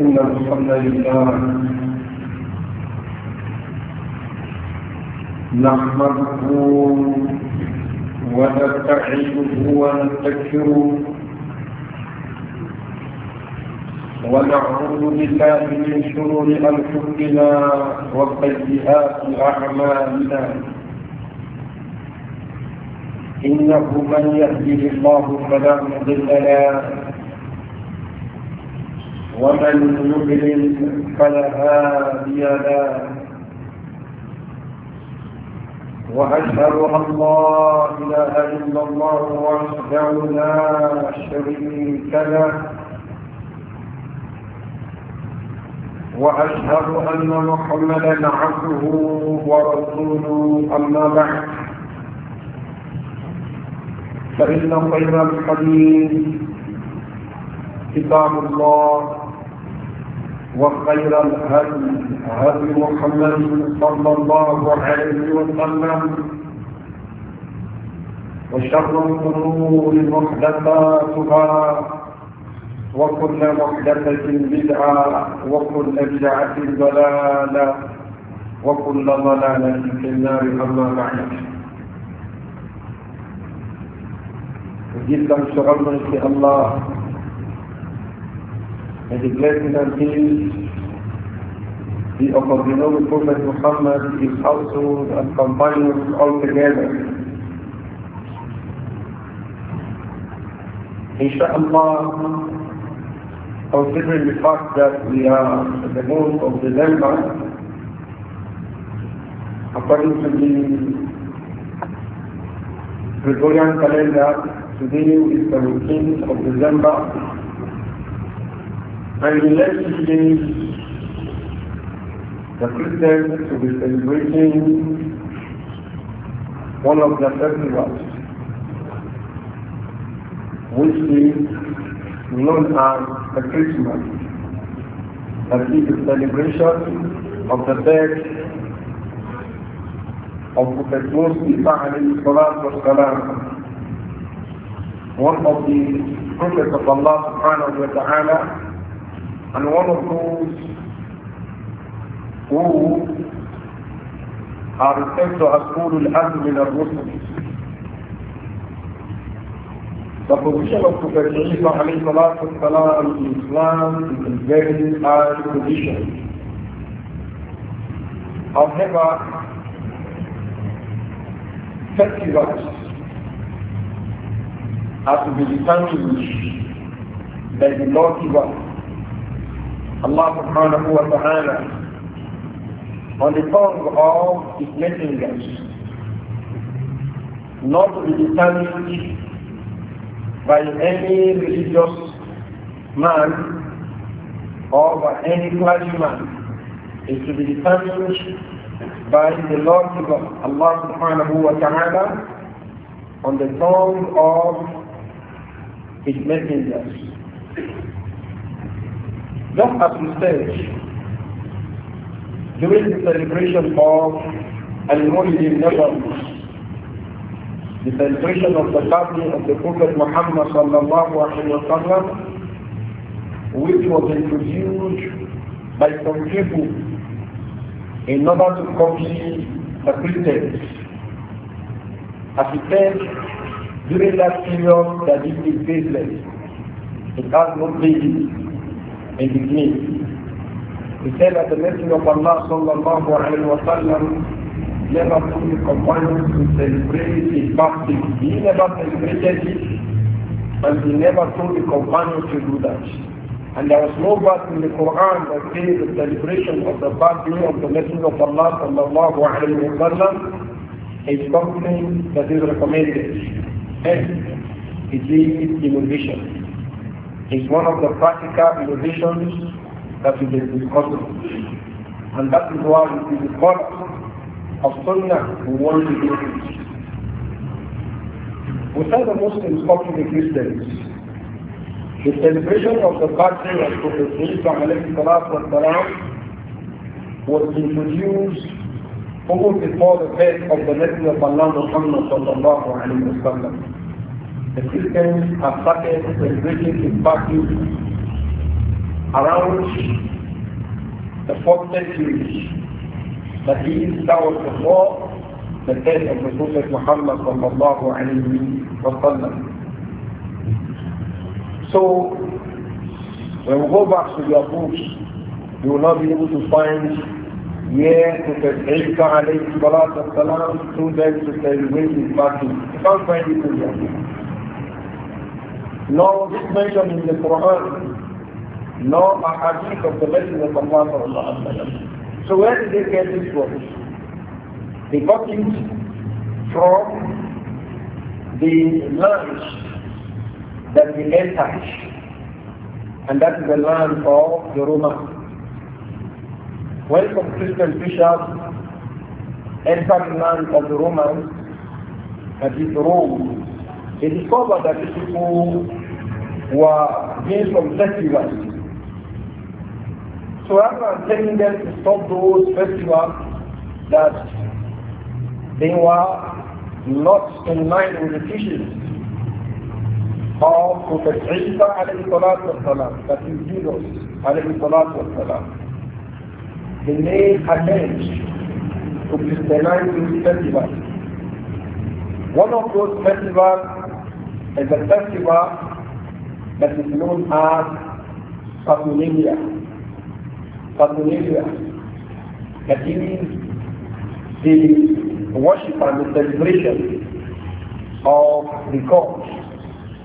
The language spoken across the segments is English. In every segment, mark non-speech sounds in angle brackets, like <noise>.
إن الحمد لله نحمده ونستعينه ونستكثره ونعوذ بالله من شرور أنفسنا وسيئات أعمالنا إنه من يهده الله فلا مضل له ومن يضلل فلا هادي له واشهد ان لا اله الا الله وحده لا شريك له واشهد ان محمدا عبده ورسوله اما بعد فان خير الحديث كتاب الله وخير الهدي هدي محمد صلى الله عليه وسلم وشر الامور محدثاتها وكل محدثة بدعة وكل بدعة ضلالة وكل ضلالة في النار أما بعد جدا شغلنا في الله and declared it until the of the noble Prophet Muhammad, his household and companions altogether. Inshallah, considering the fact that we are at the month of December, according to the Gregorian calendar, today is the 15th of December and related days, the Christians will be celebrating one of the festivals, which is known as the Christmas. That is the celebration of the death of Prophet Musa one of the prophets of Allah subhanahu wa ta'ala and one of those who are referred to as Ulul Azm min al-Rusul the position of Prophet Isa alayhi salatu salam in Islam is a very high position. However, festivals are to be determined by the Lord Allah subhanahu wa ta'ala on the tongue of his messengers, not to be determined by any religious man or by any clergyman, is to be determined by the Lord Allah subhanahu wa ta'ala on the tongue of his messengers. Just as we said, during the celebration of Al-Mulid al-Nabawi, the celebration of the birthday of the Prophet Muhammad sallallahu alaihi wasallam, which was introduced by some people in order to copy the Christians. As he said, during that period that it is baseless, it has no basis in his need. He said that the Messenger of Allah sallallahu alayhi wa sallam never took his companions to celebrate his fasting. He never celebrated it and he never told the companions to do that. And there was no verse in the Quran that says the celebration of the birthday of the Messenger of Allah sallallahu alayhi wa sallam is something that is recommended. And it is innovation is one of the practical innovations that we And that is why it is the part of Sunnah we want to do it. We said the Muslims copy the Christians. The celebration of the birthday of Prophet was introduced almost before the death of the Messenger of Allah Muhammad sallallahu the Christians have started celebrating his birthday around the 4th century. That is, that was before the death of the Prophet Muhammad sallallahu alayhi wa sallam. So, when we go back to your books, you will not be able to find where Prophet Isa alayhi salatu wasalam through them to celebrate his birthday. You can't find it in your books nor this mention in the Quran, nor a hadith of the Messenger of Allah. So where did they get this from? They got it from the land that we entered, and that is the land of the Romans. When Christian Bishop entered land of the Romans, that is Rome, they discovered that these people were being from festivals. So rather than telling them to stop those festivals that they were not in line with the teachings of Prophet Isa alayhi salatu wasalam, that is Jesus alayhi salatu wasalam. They made attempts to Christianize the festival. One of those festivals it's a festival that is known as Saturnalia. Saturnalia, That means the worship and the celebration of the god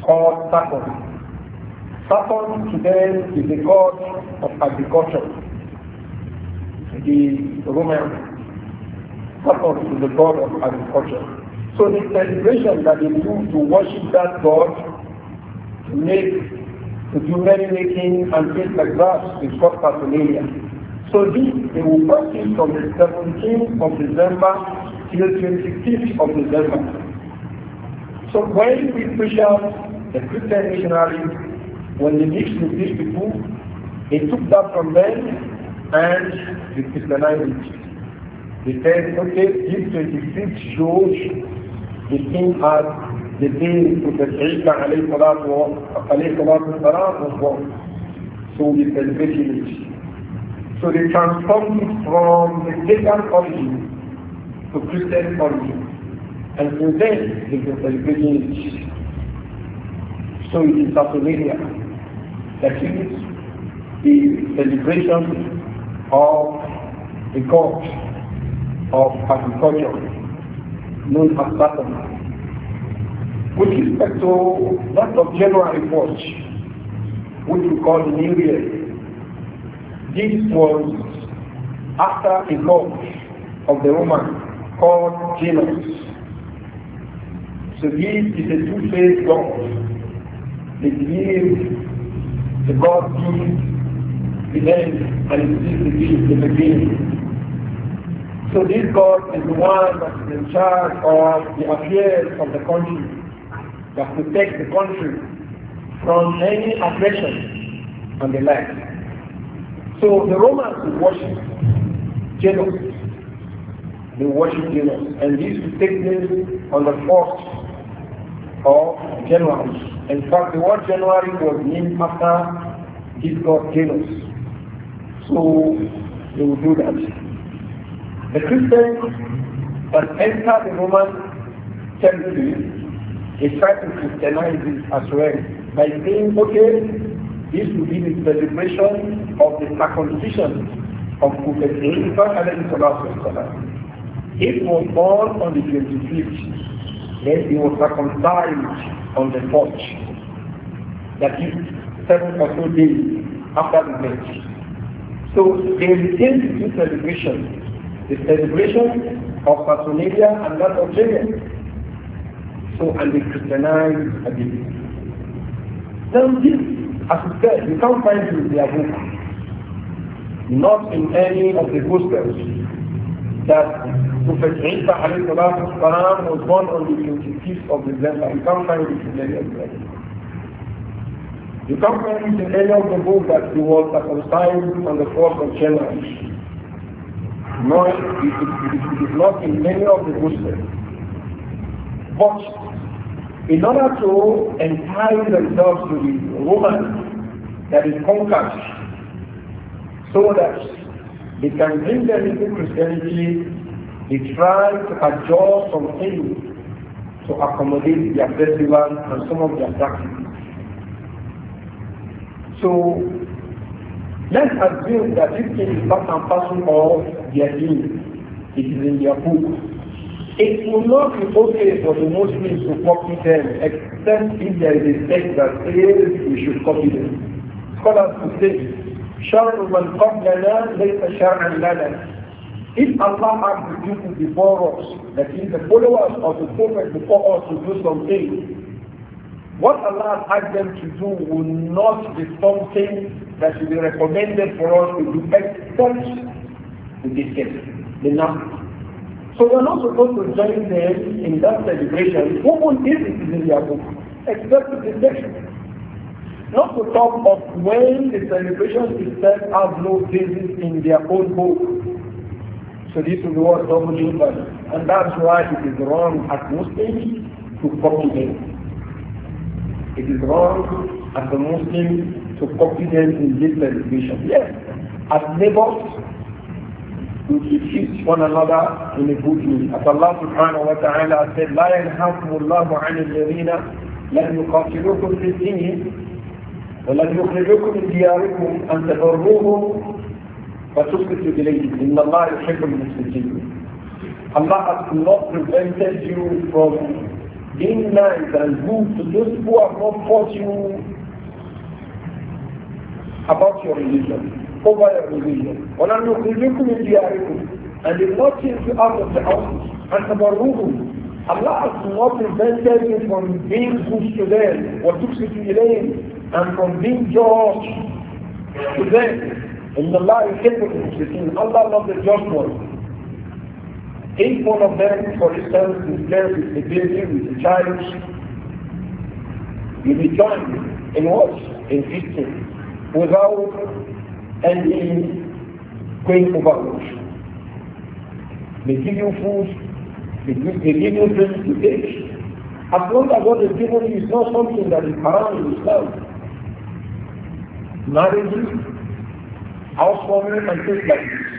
called Saturn. Saturn today is the god of agriculture. The Roman Saturn is the god of agriculture. So the celebration that they do to worship that God, to make, to do merry making and things like that is called Passover. So this they will practice from the 17th of December till the 26th of December. So when we push out the Christian missionaries, when they mixed with these people, they took that from them and they Christianized it. They said, okay, this 26th, shows between us the day Prophet Isa alayhi salatu wasalam was born. So we celebrated it. So they transformed it from the pagan origin to Christian origin. And since then, they've been So it is Saturnalia that is the celebration of the god of agriculture known as Saturn. With respect to that of January report, which we call the New Year, this was after a law of the Roman called Janus. So this is a 2 faced law. They believe the God gives the end and it is the beginning. So this God is the one that is in charge of the affairs of the country, that protects the country from any aggression and the like. So the Romans worship Janus. They worship Janus. And this will take place on the 4th of January. In fact, the word January was named after this god Janus. So they will do that. The Christian that enter the Roman temple, is trying to Christianize it as well by saying, okay, this will be the celebration of the circumcision of the Isa alayhi was born on the 25th then he was circumcised on the fourth. That is seven or two days after the marriage. So they retain the two the celebration of Saturnalia and that of January. So, and they Christianized again. Now this, as I said, you can't find it in their book. Not in any of the gospels that Prophet Isa was born on the 25th of December. You can't find it in any of them. You can't find it in any of the books that he was circumcised on the 4th of January. No, it, it, it, it is not in many of the Muslims. But in order to entice themselves to the woman that is conquered, so that they can bring them into Christianity, they try to adjust some things to accommodate their festival and some of their practices. So let's assume that this thing is not and parcel their due. It is in their book. It will not be okay for the Muslims to copy them except if there is a text that says we should copy them. Scholars will say, شَرْعُ مَنْ قَبْلَنَا لَيْسَ شَرْعًا لَنَا if Allah has the people before us, that is the followers of the Prophet before us to do something, what Allah asked them to do will not be something that will be recommended for us to do except in this case, the Nazis. So we are not supposed to join them in that celebration, even if it is in their book, except the section. Not to talk of when the celebration itself has no basis in their own book. So this is what double impact. And that's why it is wrong at Muslims to copy them. It is wrong as a Muslim to copy them in this celebration. Yes, as neighbors, to defeat one another in a good way. As Allah subhanahu wa ta'ala said, لا ينهاكم الله عن الذين لم يقاتلوكم في الدين ولم يخرجوكم من دياركم أن تبروهم فتسكتوا إليهم إن الله يحب المسلمين. Allah has not prevented you from being nice and good to those who have not fought you about your religion over your religion. وَلَنُخْرِجُكُمْ مِنْ دِيَارِكُمْ And they not chase you out of the house. And تَبَرُّهُمْ Allah has not prevented you from being good to them, to them, And from being just to them. إِنَّ اللَّهِ of الْمُحْسِنِينَ Allah loves the just one. If one of them, for instance, is blessed with the baby, with the child, you will join in what? In victory. Without and the going overboard. They give you food, they give, they give you things to take. As long as what is given is not something that is haram in itself. Marriages, housewarming and things like this.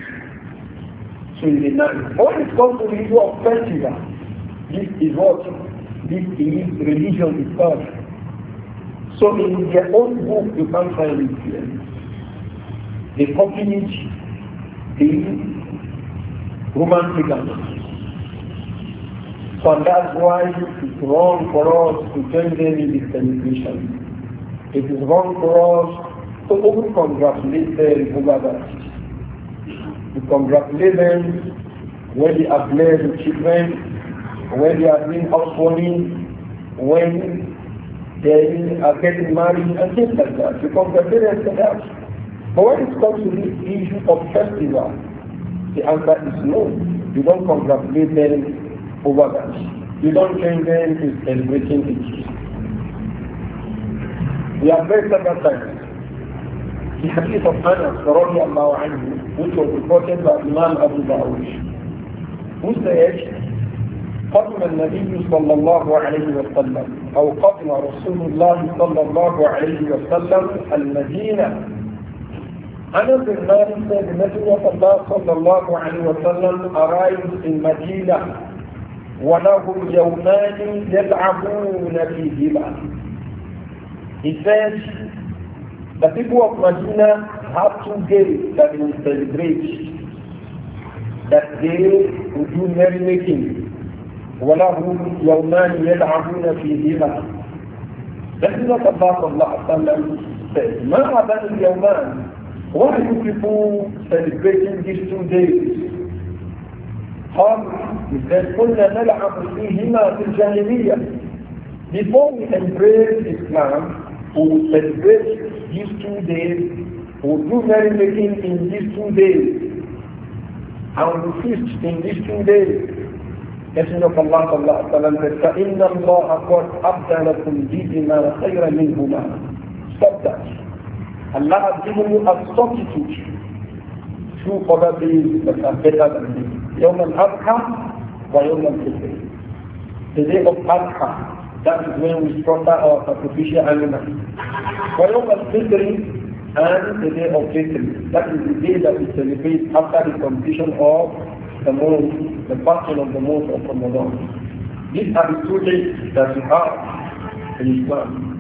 So you did not. When it comes to the issue of festival, this is what? This is religion itself. So in their own book you can't find it here. The copied in Roman figures. So that's why it's wrong for us to join them in this celebration. It is wrong for us to over congratulate them over that. To congratulate them when they are blessed with children, when they are doing housewarming, when they are getting married and things like that. Because the parents are but when it comes to the issue of festival, the answer is no. You don't congratulate them over that. You don't join them in celebrating it. We are very several the hadith of Anas radiallahu anhu, which was reported by Imam Abu Dawud, who said, قدم النبي صلى الله عليه وسلم أو قدم رسول الله صلى الله عليه وسلم المدينة أنا المالي سيد النبي صلى الله عليه وسلم أرايت المدينة ولهم يومان يلعبون في فيهما إذن The people of Medina have two games that they will celebrate. That day will do merrymaking. وَلَهُمْ يَوْمَانِ يَلْعَبُونَ فِيهِمَا رسول الله صلى الله عليه وسلم said, ما هذا اليومان؟ Why are you people celebrating these two days? قال إذن كنا نلعب فيهما في الجاهلية Before we embrace Islam, we will celebrate these two days, we will do merrymaking in these two days, and we feast in these two days. Messenger of Allah sallallahu alaihi wasallam said, فَإِنَّ اللَّهَ قَدْ أَبْدَلَكُمْ بِهِمَا خَيْرًا مِنْهُمَا Stop that. Allah has given you a substitute. Two other days that are better than this. يوم الأضحى ويوم الفطر. The day of Adha, that is when we slaughter our sacrificial animals. ويوم الفطر and the day of victory. That is the day that we celebrate after the completion of the month, the passing of the month of Ramadan. These are the two days that we have in Islam.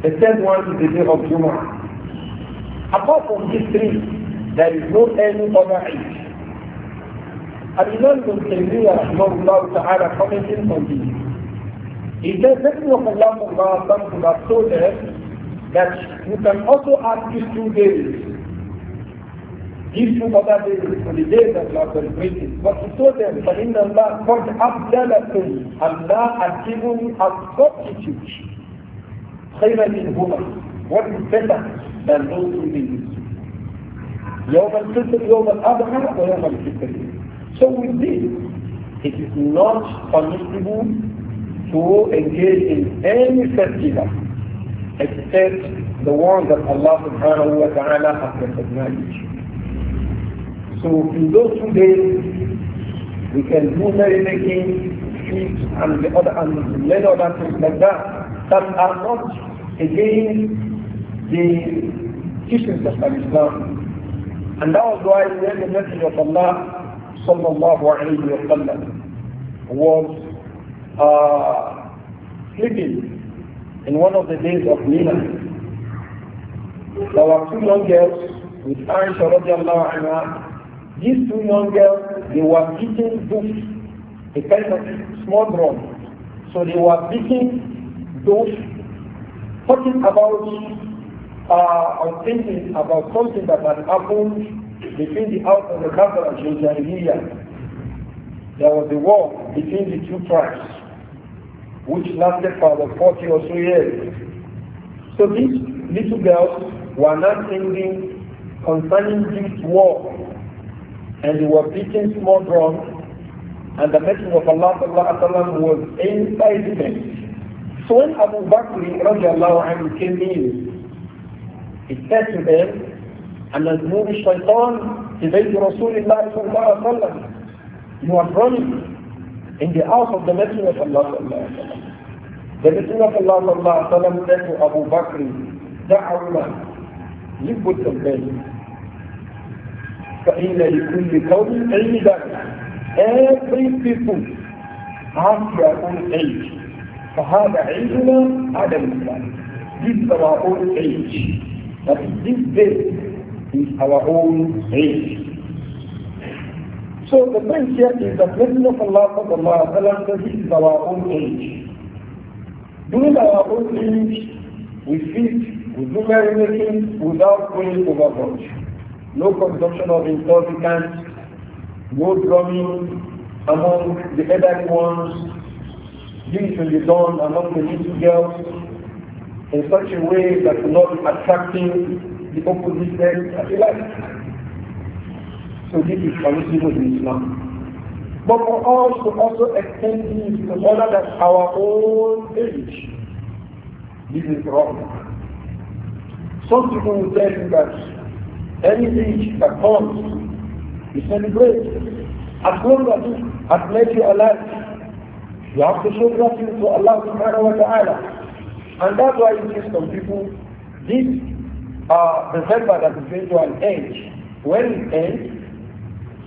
The third one is the day of Jumu'ah. Apart from these three, there is no any other Eid. Al-Imam ibn Taymiyyah rahimahullah ta'ala commenting on this. He says, the of Allah sallallahu alayhi wa sallam told us that you can also add these two days, these two other days for the days that you are celebrating. But he told them, فَإِنَّ اللَّهَ قَدْ أَبْدَلَكُمْ Allah has given a substitute خيرا منهما what is better than those who believe يوم الفطر يوم الأضحى ويوم الفطر so with this it is not permissible to engage in any festival except the one that Allah subhanahu wa ta'ala has recognized. So in those two days, we can do merrymaking, feast, and the other and many other things like that that are not against the teachings of Islam. And that was why when the message of Allah sallallahu alayhi wa sallam was uh, sleeping in one of the days of Mina. There were two young girls with Aisha radiallahu anha. These two young girls, they were eating books, a kind of small drum. So they were beating those talking about uh, or thinking about something that had happened between the house of the governor of Josiah. There was a war between the two tribes, which lasted for about 40 or so years. So these little girls were not thinking concerning this war, and they were beating small drums, and the Messenger of Allah was inside the tent. So when Abu Bakr anhu came in, he said to them, أن ذنوب الشيطان في بيت رسول الله صلى الله عليه وسلم You are running in the house of the Messenger of Allah The Messenger of Allah صلى الله عليه وسلم said to Abu Bakr, دعونا leave with them then. فإن لكل قوم عيدا Every people have their own age. فهذا عندنا هذا الإسلام This is our own age. But this day is our own age. So the point here is that Messenger of Allah sallallahu alaihi wasallam says this is our own age. During our own age, we feed, we do everything without going overboard. No consumption of intoxicants, no drumming among the elderly ones, this will be done among the little girls in such a way that will not attracting the opposite sex as you like. So this is permissible in Islam. But for us to also extend this to other than our own age, this is wrong. Some people will tell you that any age that comes is celebrated. As long as it has made you alive, you have to show gratitude to Allah subhanahu wa ta'ala. And that's why you see some people, this uh, December that is going to an end, when it ends,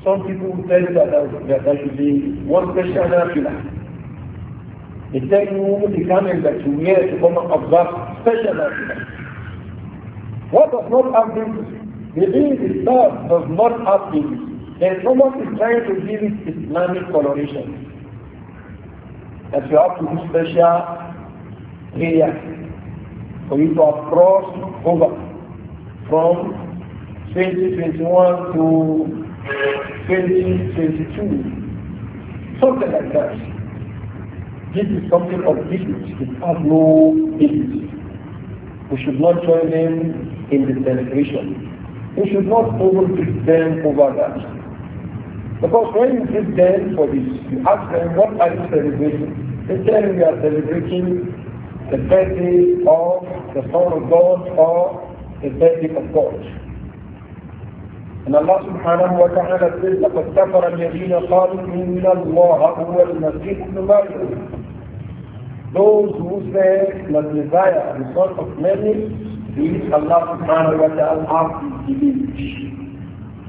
some people tell you that there, that there should be one special nafila. They tell you the garment that you wear to come and observe special nafila. What does not happen? The deen itself does not happen. And someone is trying to give it Islamic coloration. If you have to do special prayer for you to have over from 2021 to 2022. Something like that. This is something of business. It has no business. We should not join them in the celebration. We should not overtake them over that. Because when you give them for this, you ask them, what are you celebrating? This time we are celebrating the birthday of the Son of God or the birthday of God. أن الله سبحانه وتعالى يقول لقد كفر الذين قالوا إن الله هو المسيح ابن مريم Those who say that Messiah, the Son of many," is Allah subhanahu wa ta'ala after he believed.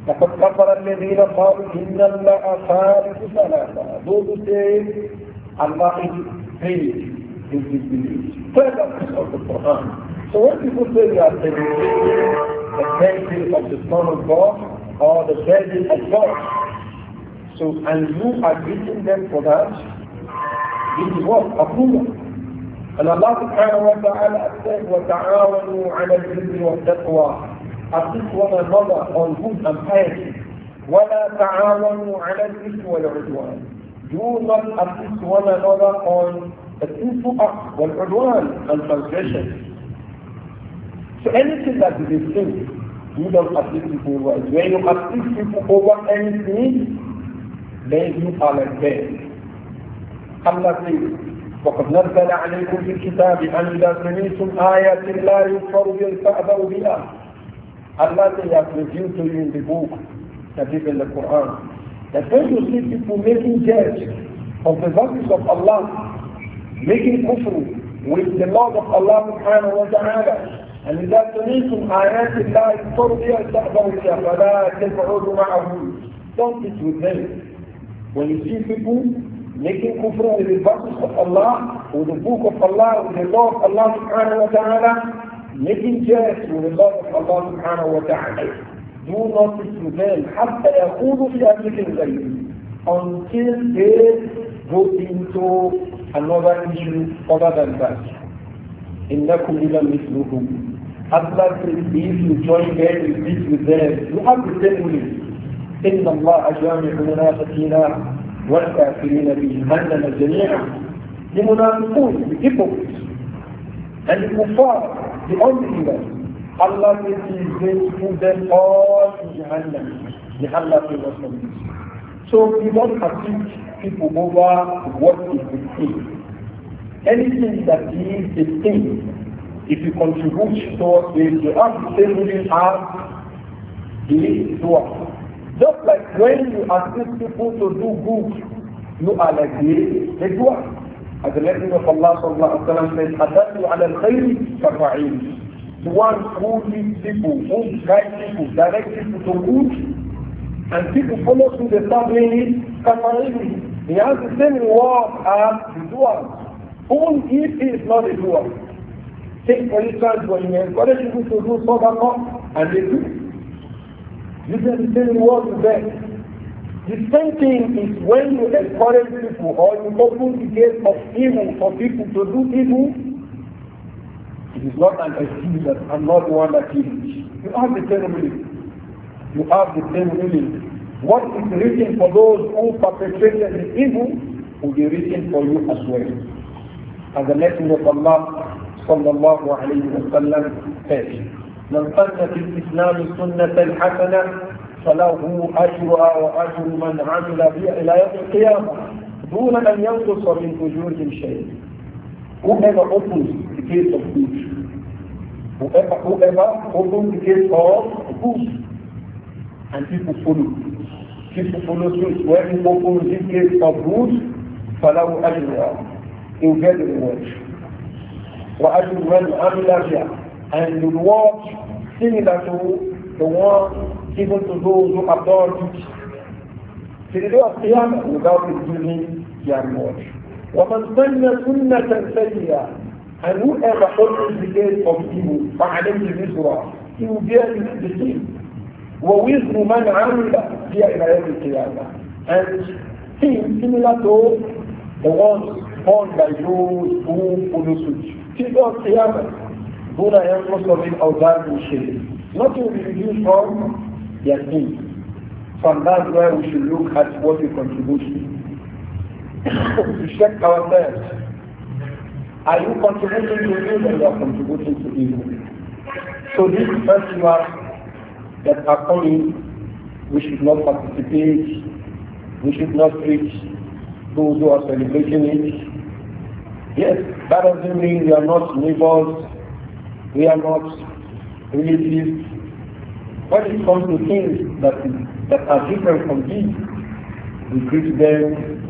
لقد كفر الذين قالوا إن الله خالق ثلاثة. Those who say and that is faith in his of the Quran. So when people say they are celebrating the birthday of the Son of God or the birthday of God, so and you are giving them for that, this is what? Approval. And Allah subhanahu wa ta'ala said, وَتَعَاوَنُوا عَلَى الْبِرِّ وَالتَّقْوَى Assist one another on good and piety. وَلَا تَعَاوَنُوا عَلَى الْإِثْمِ وَالْعُدْوَانِ do not assist one another on a sinful act, wal udwan, and transgression. So anything that is a sin, you don't assist people over. When you assist people over anything, then you are like them. Allah says, وقد نزل عليكم في الكتاب أن إذا سمعتم آيات الله يكفر بها فأبوا بها. Allah says, has revealed to you in the book, that is in the Quran, that when you see people making jest of the verses of Allah, making kufr with the laws of Allah subhanahu wa ta'ala, and إذا سمعتم آيات الله اذكروا بها استأذوا بها فلا تدعوا معهم Don't sit with them. When you see people making kufr with the verses of Allah, with the book of Allah, with the law of Allah subhanahu wa ta'ala, making jest with the law of Allah subhanahu wa ta'ala, do not prevent حتى يقولوا في أمرك غيره until they go into another issue other than that. إنكم إذا مثلهم Allah if you join them you meet with them you have the same will إن الله جامع المنافقين والكافرين في جميعا The the hypocrites and the kuffar the unbelievers Allah says He is going put them all in Jahannam. Jahannam is not from So we want to teach people over what is the thing. Anything that is the thing, if you contribute towards it, you have to say same ruling as the doer. Just like when you assist people to do good, you are like the, the doer. As the Messenger of Allah sallallahu alayhi wa sallam says, أَدَلُّ عَلَى الْخَيْرِ فَالرَّعِيمِ the one who leads people, who guides people, directs people to good, and people follow through the family, Kafarini. He has the same reward as the doer, Only if he is not a doer. Take for instance when you encourage people to do more, and they do. You can the same reward to them. The same thing is when you encourage people or you open the gate of evil for people to do evil, is not an excuse that I'm not the one that is. did You have the same meaning. You have the same meaning. What is written for those who perpetrated the evil will be written for you as well. And the Messenger of Allah sallallahu alayhi wa sallam said, من سن في الإسلام سنة حسنة فله أجرها وأجر من عمل بها إلى يوم القيامة دون أن ينقص من أجور شيء whoever opens the gate of good Whoever, whoever opens the gate of books and people follow. People follow suit. When you open the gate of books, فَلَوْ أَجْرَى You get the reward. وَأَجْرُ مَنْ عَمِلَ بِهَا And the reward similar to the one given to those who have done it. To the day of Qiyamah without receiving their reward. وَمَنْ سَنَّ سُنَّةً سَيِّئَةً and whoever opens the gate of evil, فَعَلَيْهِ الْإِسْرَى He will bear the sin. وَوِزْرُ مَنْ عَمِلَ فِيَا إِلَى يَوْمِ الْقِيَامَةِ And things similar to the ones born by those who follow suit. Till God's Qiyamah, دون ينقص من أوزان الشرك. Nothing will be reduced from their sins. From that where we should look at what we contribute to. <coughs> to check ourselves. Are you contributing to good or you are contributing to evil? So these remark that are coming, we should not participate, we should not preach those who are celebrating it. Yes, that doesn't mean we are not neighbors, we are not relatives. When it comes to things that, that are different from these, we greet them,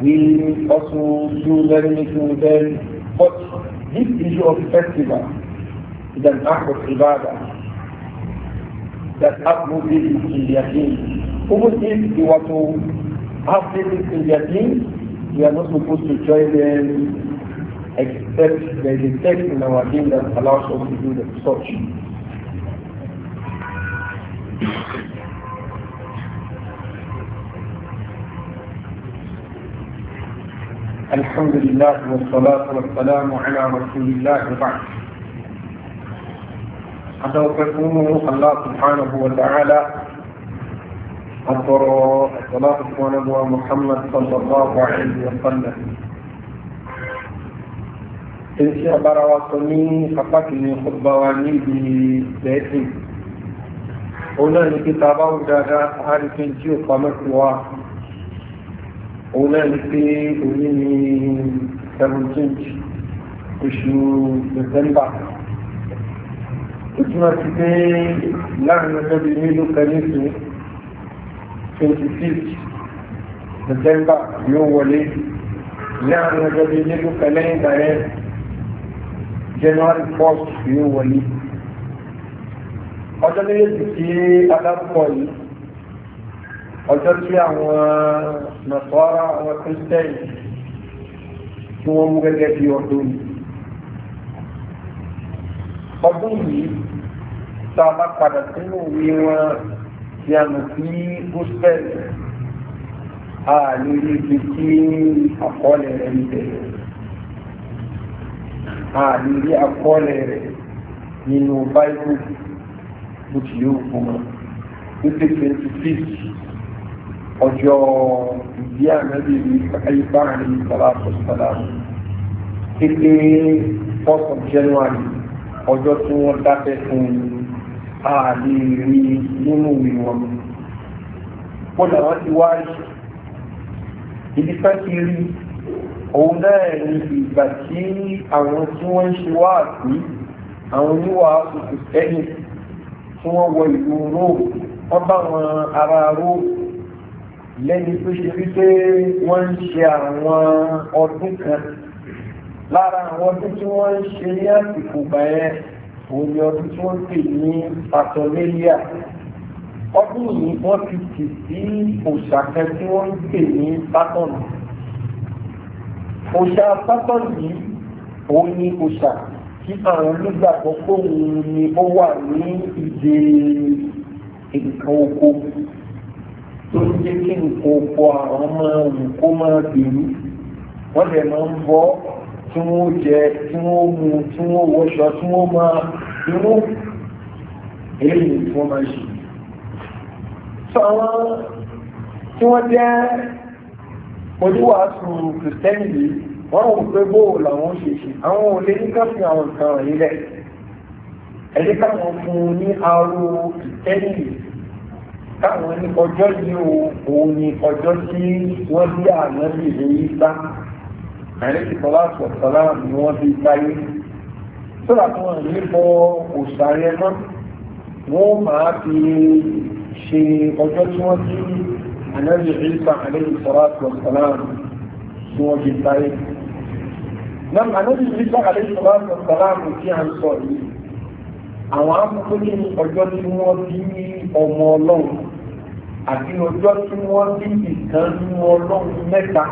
we also do very little with them, but this issue of festival is an act of ibadah that absolutely is in their deen. Even if you were to have this in their deen, we are not supposed to join them except there is a text in our deen that allows us to do the such. الحمد لله والصلاة والسلام على رسول الله بعد أتوقفونه الله سبحانه وتعالى أطر الصلاة ونبوى محمد صلى الله عليه وسلم إنشي أبرا وصني فقتني خطبة ونيدي بيتي هنا لكتابة وجاء هذه الجيوة مكوى òun náà ní pé òní ní seventeenth oṣù December ó túmọ̀ sí pé láàrin ọjọ́ bíi mélòó kan nísìnyí twenty fifth December yóò wọlé láàrin ọjọ́ bíi mélòó kan lẹ́yìn ìgbà yẹn January first yóò wọlé ọjọ́ méjèèjì tí adápọ̀ yìí ọjọ́ tí àwọn nàtọ́ra àwọn kírísítẹ́nì tí wọ́n mú gẹ́gẹ́ bí ọdún yìí ọdún yìí tá a bá padà sínú ìwé wọn tí a mọ̀ sí gospel a lè rí ibi tí àkọọ́lẹ̀ rẹ̀ ń bẹ̀rẹ̀ a lè rí àkọọ́lẹ̀ rẹ̀ nínú báyìí bó ti yóò fún wọn ní ọjọ́ ìdí ànábì ayípa àrùn ìsàlásù sàlásù títí first of january ọjọ́ tí wọ́n dákẹ́ fún ààrẹ rí nínú ìwọ̀n wọ́n làwọn ti wá rí ibi fẹ́ ti rí òun náà ní ìgbà tí àwọn tí wọ́n ń ṣe wáàsí àwọn oníwàásù kò sẹ́yìn tí wọ́n wọ ìlú róò wọ́n bá wọn ara róò lẹ́ni tó ṣe wípé wọ́n ń ṣe àwọn ọdún kan lára àwọn ọdún tí wọ́n ń ṣe ní àsìkò báyẹn òun ni ọdún tí wọ́n pè ní patomelia ọdún yìí wọ́n ti tì sí òṣà kan tí wọ́n ń pè ní pátọ́nù òṣà pátọ́nù yìí òun ni òṣà tí àwọn onígbàgbọ́ pé ni ó wà ní ìdè nǹkan oko tó ń jẹ́ kí nǹkan oko àwọn máa wù máa bèrú wọ́n dẹ̀ máa ń bọ́ tí wọ́n jẹ tí wọ́n mu tí wọ́n wọṣọ tí wọ́n máa bírú èyí ni wọ́n máa ṣe. sọ tí wọ́n jẹ́ oníwàásù kìrìsìtẹ́nì wọ́n rò pé bóò làwọn ṣe ṣe àwọn ò lè ní àwọn nǹkan rìn lẹ̀ ẹ̀dí káwọn fún un ní aró kìrìsìtẹ́nì yìí táwọn ní ọjọ́ yìí o òun ni ọjọ́ tí wọ́n bí àná lè lè yí sá àìlèkì tọ́lá sọ̀tọ́lá ni wọ́n fi sáyé sọ́dà tí wọ́n ní bọ òṣàrẹ náà wọ́n máa fi ṣe ọjọ́ tí wọ́n bí àná lè lè sá àìlèkì tọ́lá sọ̀tọ́lá tí wọ́n fi sáyé. Nam anabi Isa alayhi salatu wa salam ti a sọ yìí, àwọn akókò ní ọjọ́ tí wọ́n bí ọmọ ọlọ́run àti ọjọ́ tí wọ́n bí ìkan nínú ọlọ́run mẹ́ta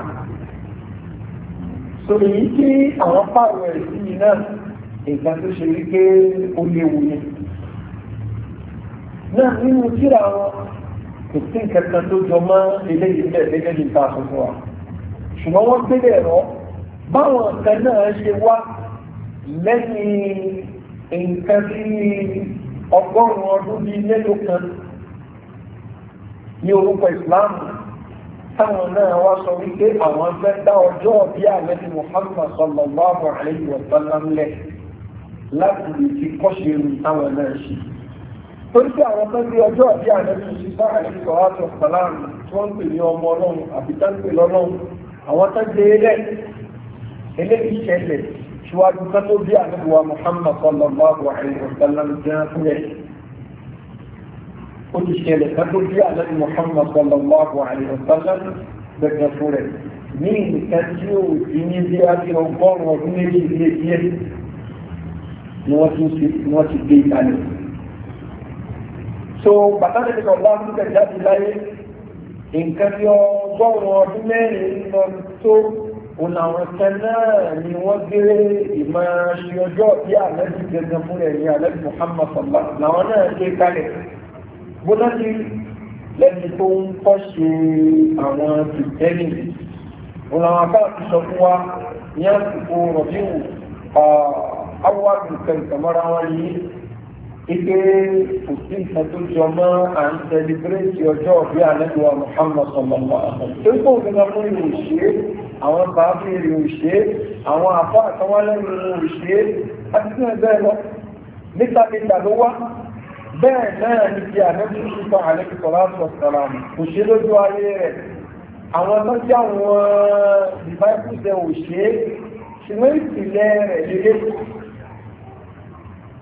so èyí tí àwọn pààrọ̀ ẹ̀ sí i náà nǹkan tó ṣe rí pé ó léwu ni náà nínú tíra wọn kò sí nǹkan kan tó jọ mọ́ eléyìí bẹ́ẹ̀ gẹ́gẹ́ bí nǹkan àtúntò wa ṣùgbọ́n wọ́n gbélé ẹ̀rọ báwọn nǹkan náà ṣe wá lẹ́yìn nǹkan tí ọgọ́rùn-ún ọdún bíi mélòó kan ní orúkọ islam táwọn náà wá sọ wípé àwọn fẹ́ dá ọjọ́ bí àlẹ́bí muhammad sallallahu alayhi wa sallam lẹ̀ láti lè fi kọ́ṣe irun táwọn náà ṣe. torí pé àwọn fẹ́ bí ọjọ́ bí àlẹ́bí sísá àlẹ́bí sọ̀rọ̀ sàlám tí wọ́n ń pè ní ọmọ ọlọ́run àbí táǹpè lọ́lọ́run àwọn tó e lẹ̀ eléyìí ṣẹlẹ̀ síwájú kátó bí àlẹ́bí wa muhammad sallallahu alayhi wa sallam jẹ́ fúnlẹ̀ ó ti ṣẹlẹ̀ kan tó bí àlẹ́ Muhammad sallallahu alayhi wa sallam gbẹ̀gbẹ̀ fún rẹ̀ ní nǹkan tí ó ti ní bí a ti ọgọ́rùn-ún ọdún méjì ní etí ẹ̀ ni so bàtà tẹ̀lé kan bá ń tẹ̀ jáde láyé nǹkan bí ọgọ́rùn-ún ọdún mẹ́rin lọ tó òun àwọn kan sallallahu alayhi wa sallam làwọn bóná ti lẹ́ni tó ń kọ́ ṣe àwọn kìtẹ́nì òun làwọn apá àti sọ fún wa ní àsìkò rọ̀bíwù awúwá kìtẹ́ ìtàmọ́ra wọn yìí ike kò sí nǹkan tó jọ mọ́ à ń sẹlẹ̀bírẹ́tì ọjọ́ ọ̀bí àlẹ́gbẹ̀wá Muhammad sọlọ́mọ́ àwọn tó kó gbẹgbẹ́ fún ìlú òṣè àwọn bàbá ìlú òṣè àwọn àbá àtọwọ́lẹ́nu ìlú òṣè àti tí wọ́n bẹ́ẹ̀ lọ níta níta ló wá bẹ́ẹ̀ náà ni ti ànábì ṣípa àlẹ́kì sọ́láàtọ̀ sàlámù kò ṣe lójú ayé rẹ̀ àwọn tó jẹ́ àwọn ìbáìkú jẹ́ òṣè ṣùgbọ́n ìpìlẹ̀ rẹ̀ lélẹ̀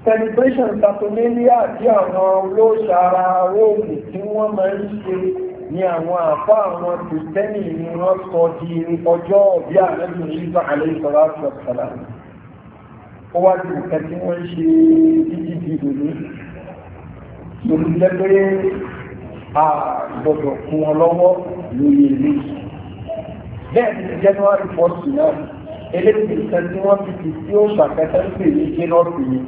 celebration saturnalia tí àwọn olóṣàrà róòmù tí wọ́n máa ń ṣe ni àwọn àfá àwọn kìrìtẹ́nì ni wọ́n sọ di ọjọ́ bí ànábì ṣípa àlẹ́kì sàlámù ó wá ju nǹkan tí wọ́n ṣe títí lónìí lórí lẹ́gbẹ́rẹ́ a gbọ́dọ̀ kún wọn lọ́wọ́ lórí ilé bẹ́ẹ̀ ni january first náà eléyìí nǹkan tí wọ́n ti fi tí ó ṣàkẹ́tẹ́ ń pè ní jẹ́nọ́ọ̀tì ni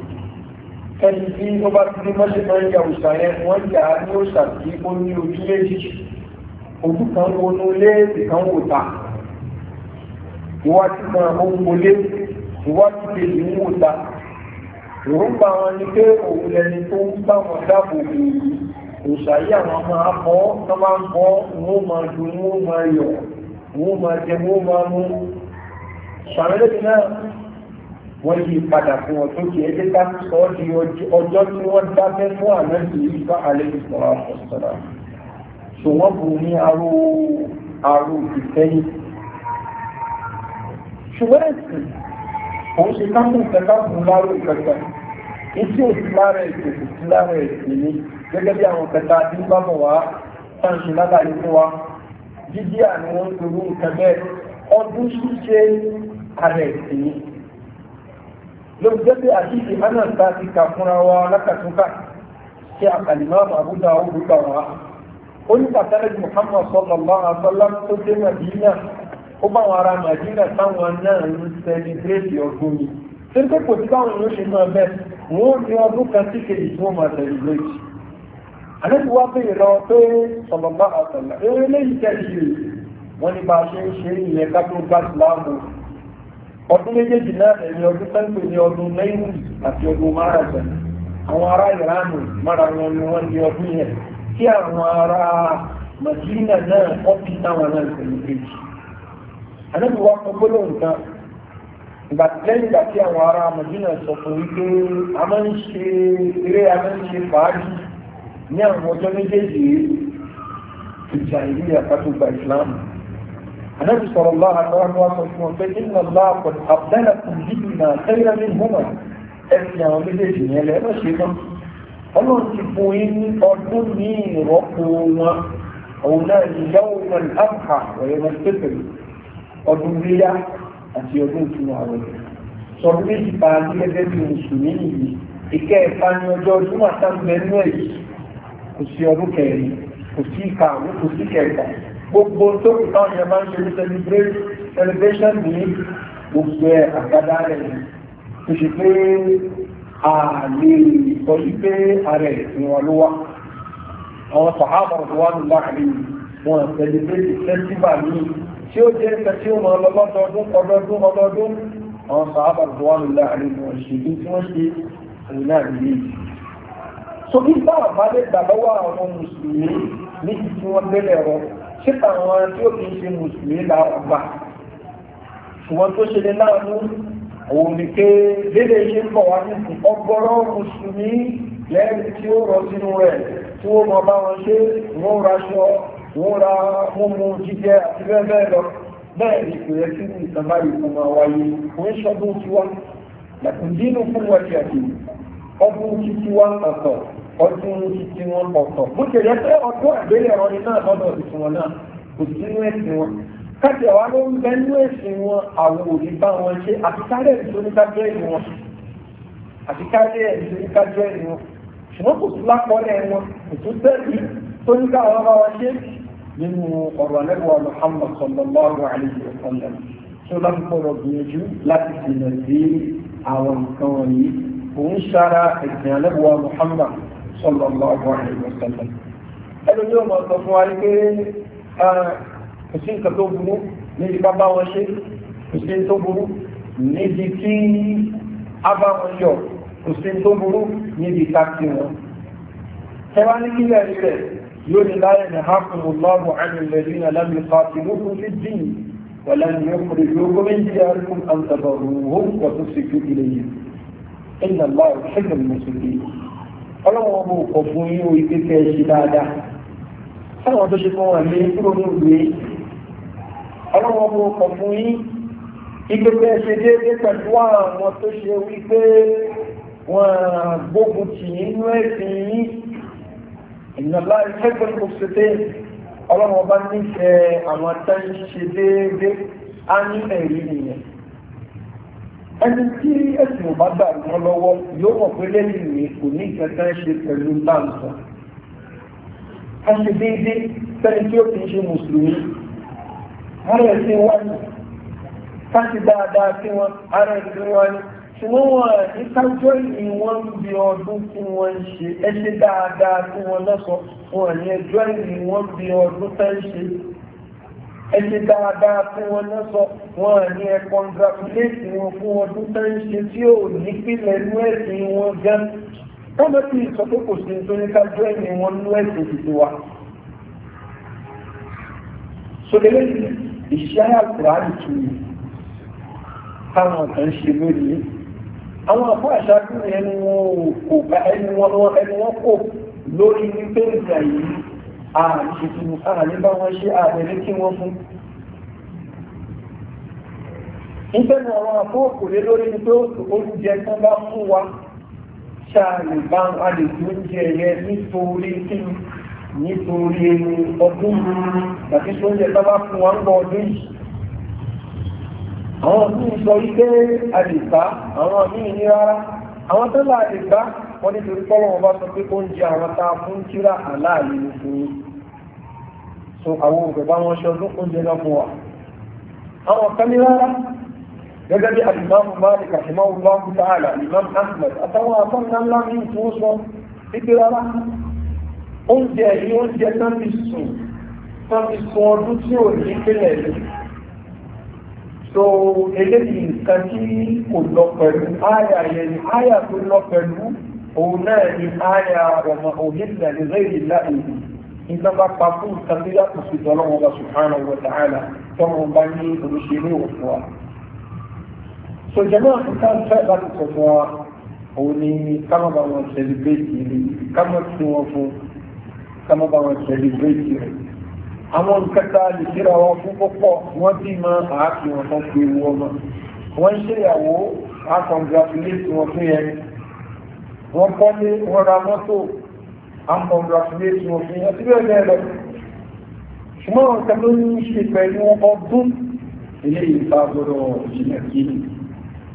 ẹni tí ó bá ti ní mọ́ṣẹ́ máa ń ya òṣà yẹn wọ́n yà á ní òṣà tí ó ní ojú méjì ojú kan wọnú lé ìkan wò ta ìwádìí kan ó ń wọlé ìwádìí kejì ń wò ta ìrúgbà wọn ni pé òun lẹni tó ń bá wọn dáàbò bò kò ṣàyí àwọn máa bọ́ tó máa ń bọ́ wọn máa ju wọn máa yọ wọn máa jẹ wọn máa mú ṣàmìlẹ́bí náà wọ́n yí padà fún wọn tó kì í ká sọ ọ́ di ọjọ́ tí wọ́n dábẹ́ fún àná sí ìgbà alẹ́ ìsọ̀rọ̀ àfọ̀sọ̀rọ̀ wọ́n bù ní aró aró ìfẹ́yìn ṣùgbọ́n ẹ̀sìn òun ṣe kákùn kẹkàkùn láró ìkẹkẹ iṣẹ́ òsì lára ètò òsì lára ètò yìí gẹ́gẹ́ bí àwọn kẹta tí ń bábọ̀ wá sáǹṣì lálàyé fún wa jíjí àmì wọn ń torú nǹkan bẹ́ẹ̀ ọdún ṣíṣe ara ètò yìí ló jẹ́ pé àṣìṣe anáta ti kà fúnra wa lákàtúnkà ṣe àkàlìmọ́ àbúdá ó gbúgbà wá Muhammad sallallahu alaihi wasallam tó dé ó bá wọn ará màdínà táwọn náà ń sẹlẹbírẹ́tì ọdún yìí tí pé kò sí báwọn ló ṣe máa bẹ́ẹ̀ wọ́n ní ọdún kan sí kejì tí wọ́n máa sẹlẹbírẹ́tì àlejò wá bèèrè lọ pé sọlọ́gbà àtàlà eré léyìí kẹ́kì rè wọ́n ní bá a ṣe ń ṣe ìyẹn ká tó gbá síláàmù ọdún méjèèjì náà ẹ̀yìn ọdún sẹ́ńpẹ̀ ní ọdún lẹ́yìn àti ọdún márùn-ún àwọn ará ìránù mára wọn ni wọ́n ní ọdún yẹn kí àwọn ànábì wa kọ gbọ́dọ̀ nǹkan ìgbà lẹ́yìn ìgbà tí àwọn ará Mọ̀dínà sọ fún wípé a máa ń ṣe eré a máa ń ṣe fàájì ní àwọn ọjọ́ méjèèjì ìjà ìlú àkàtò gba ìsìláàmù. Ànábì sọ̀rọ̀ lọ́wọ́ àtàwọn wa sọ fún wọn pé nínú ọ̀la àpọ̀ àbẹ́lẹ̀ kò yíbi náà tẹ́lẹ̀ ní ìmúmọ̀ ẹ̀sìn àwọn méjèèjì yẹn lẹ́ ẹ̀rọ ṣe tán. Ọlọ́run ti fún ọdún ríyá àti ọdún ìtúnu àwẹ̀ sọdún méjì pa ní gẹ́gẹ́ bí mùsùlùmí nìyí ìkẹ́ ẹ̀ka ní ọjọ́ ọdún àtàgbẹ́nú ẹ̀ kò sí ọdún kẹrin kò sí ìka àwọn kò sí kẹta gbogbo tó kù táwọn yẹn máa ń ṣe celebrate celebration ní gbogbo ẹ̀ àgbàdá rẹ̀ kò sì pé ààlè ìtọ́jú pé ààrẹ ìsìn wọn ló wá àwọn sàhábà ọ̀dọ́ wa ló bá àlè wọn celebrate festival ní tí ó jẹ́ nǹkan tí ó mọ̀ lọ́dọọdún ọdọọdún ọdọọdún àwọn sàábà duwọ́n àrínú ìṣèlú tí wọ́n ṣe àrínà ìlú so bí bá àbálẹ̀ gbà àwọn mùsùlùmí ní ti wọ́n gbélẹ̀ rọ ṣé àwọn tí ó fi ṣe mùsùlùmí la ṣùgbọ́n tó ṣe láàánú òun ni pé lédè ṣe ń bọ̀ wá ní ọgọ́rọ́ mùsùlùmí lẹ́yìn tí ó rọ sínú rẹ̀ tí ó mọ bá wọn ṣe wọ́n raṣọ wúra múmu jíjẹ àti bẹ́ẹ̀ bẹ́ẹ̀ lọ bẹ́ẹ̀ ni kò yẹ kí ní ìsàmbá ìkú máa wáyé kò ń ṣọdún tiwa lẹ́kùn dínú fún wọn ti àti ọdún títí wọn ọ̀tọ̀ ọdún títí wọn ọ̀tọ̀ bó ṣe yẹ pé ọdún àgbélẹ̀ ọ̀rọ̀ ni náà lọ́dọ̀ títí wọn náà kò sí nínú ẹ̀sìn wọn káàtì àwa ló ń bẹ nínú ẹ̀sìn wọn àwọn òní bá wọn ṣe àtikárẹ̀ ìsoníkájọ́ ìlú àtikárẹ̀ ìsoníkájọ́ ìlú ṣùgbọ́n kò tó ní ká àwọn ọmọ ṣe nínú ọ̀rọ̀ lẹ́wọ̀ Muhammad sallallahu alayhi wa sallam tó láti gbọ́dọ̀ gbìyànjú láti dènà sí àwọn nǹkan wọ̀nyí òun ṣara ẹ̀sìn lẹ́wọ̀ Muhammad sallallahu alayhi wa sallam ẹni yóò mọ̀ sọ fún wa ní pé ah, kò sí nǹkan tó burú níbi ká wọn ṣe kò sí tó burú níbi tí a bá wọn yọ kò sí tó burú níbi ká kí wọn. ẹ wá ní kílẹ̀ rí lórí láyé ní hafimullahu anilẹ̀rí na lámì fàtìmúkú ní dín wàlá ní ọkùnrin yóò gómìnà yàrùkún àǹtàbàrù òun wàtún sí ju ilé yìí ẹ̀yìn àlá òṣèlú mùsùlùmí ọlọ́wọ́n ọmọ òkọ̀ fún yín o ìgbé fẹ́ ṣe ìnàlá ìfẹ́gbẹ̀rún kò ṣe dé ọlọ́run ọba nífẹ̀ẹ́ àwọn tá ń ṣe déédéé á ní ẹ̀rí nìyẹn ẹni tí ẹ̀sìn ò bá gbà wọn lọ́wọ́ yóò mọ̀ pé lẹ́yìn mi kò ní ìkẹta ṣe pẹ̀lú báńsọ a ṣe déédéé sẹ́ni tí ó ti ṣe mùsùlùmí wọ́n rẹ̀ sí wáyé ká ṣe dáadáa sí wọn ara ẹ̀ wáyé ṣùgbọ́n wọn ní kájọ́ ìlú wọn ń bi ọdún tí wọ́n ń ṣe ẹṣẹ́ dáadáa tí wọ́n lọ́sọ wọn ní ẹjọ́ ìlú wọn bi ọdún tẹ́ ń ṣe ẹṣẹ́ dáadáa tí wọ́n lọ́sọ wọn ní ẹ kọ́ńtàkùlẹ́tì wọn fún ọdún tẹ́ ń ṣe tí ò ní pílẹ̀ inú ẹ̀sìn wọn gan wọ́n bẹ́ẹ̀ ti sọ pé kò sí nítorí kájọ́ ìlú wọn nú ẹ̀sìn tuntun wa. sọdẹ́lẹ́ ìṣẹ́ àkùrá àwọn àpá àṣáájú ẹni wọn ò kò ẹni wọn ẹni wọn kò lórí wípé ìgbà yìí àṣìṣì àní bá wọn ṣe àbẹ̀lé kí wọ́n fún nítorí àwọn àpò òkòlé lórí wípé oúnjẹ tán bá fún wa ṣáàlì bá a lè fi oúnjẹ yẹ nítorí kí nítorí ọdún tàbí oúnjẹ tán bá fún wa ń bọ ọdún yìí àwọn míì sọ wípé àdìgbà àwọn míì ní rárá àwọn tó là àdìgbà wọ́n ní torí bá sọ pé oúnjẹ àwọn tá a fún kíra aláàlú ni fún so àwọn òkè bá wọn ṣọdún oúnjẹ náà fún wa àwọn kan ní rárá gẹ́gẹ́ bí alimami malik ahimahu ta'ala imam ahmed àtàwọn afọ́nà ńlá ní ìtúwọ́sọ títí rárá oúnjẹ yìí oúnjẹ fi sùn fi sùn ọdún so eléyìí nǹkan tí kò lọ pẹ̀lú àyà yẹn ni àyà tó lọ pẹ̀lú òun náà ni àyà ọmọ òhìnlẹ̀ ní lẹ́yìn láìsí nígbà bá pa fún nǹkan tó yàtọ̀ sí ọlọ́wọ́n bá subhanahu wa ta'ala tọ́wọ́n bá ní olùṣèlú òfin wa. so jẹ́mọ́ àkókò fẹ́ láti sọ fún wa òun ni kámá bá wọn sẹlẹ̀bẹ̀tì rẹ̀ kámá tí wọ́n fún kámá bá wọn sẹlẹ̀bẹ̀tì rẹ̀ àwọn olùkẹta lè kíra wọn fún púpọ̀ wọ́n sì mọ àákì wọn tán fi ewu ọmọ wọ́n ṣèyàwó a congratulate wọn fún yẹn wọ́n kọ́lé wọ́n ra mọ́tò a congratulate wọn fún yẹn síbẹ̀ bẹ́ẹ̀ lọ ṣùgbọ́n àwọn kan ló ní í ṣe pẹ̀lú ọdún ilé ìta gbọ́dọ̀ ìjìnlẹ̀ kí ni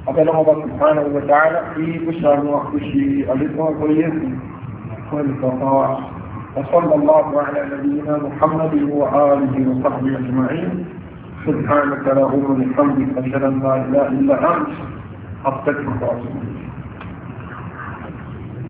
abẹ́lẹ́ wọn bá ti pààrọ̀ wọ̀ dáadáa kí ó ṣàánú àkóṣe àlékún ọgbọ́n yẹ̀sìn fún ẹnìkan kan wà. وصلى الله على نبينا محمد وآله وصحبه أجمعين سبحانك لا أمر بحمدك أشهد أن لا إله إلا أنت أستغفرك وأتوب إليك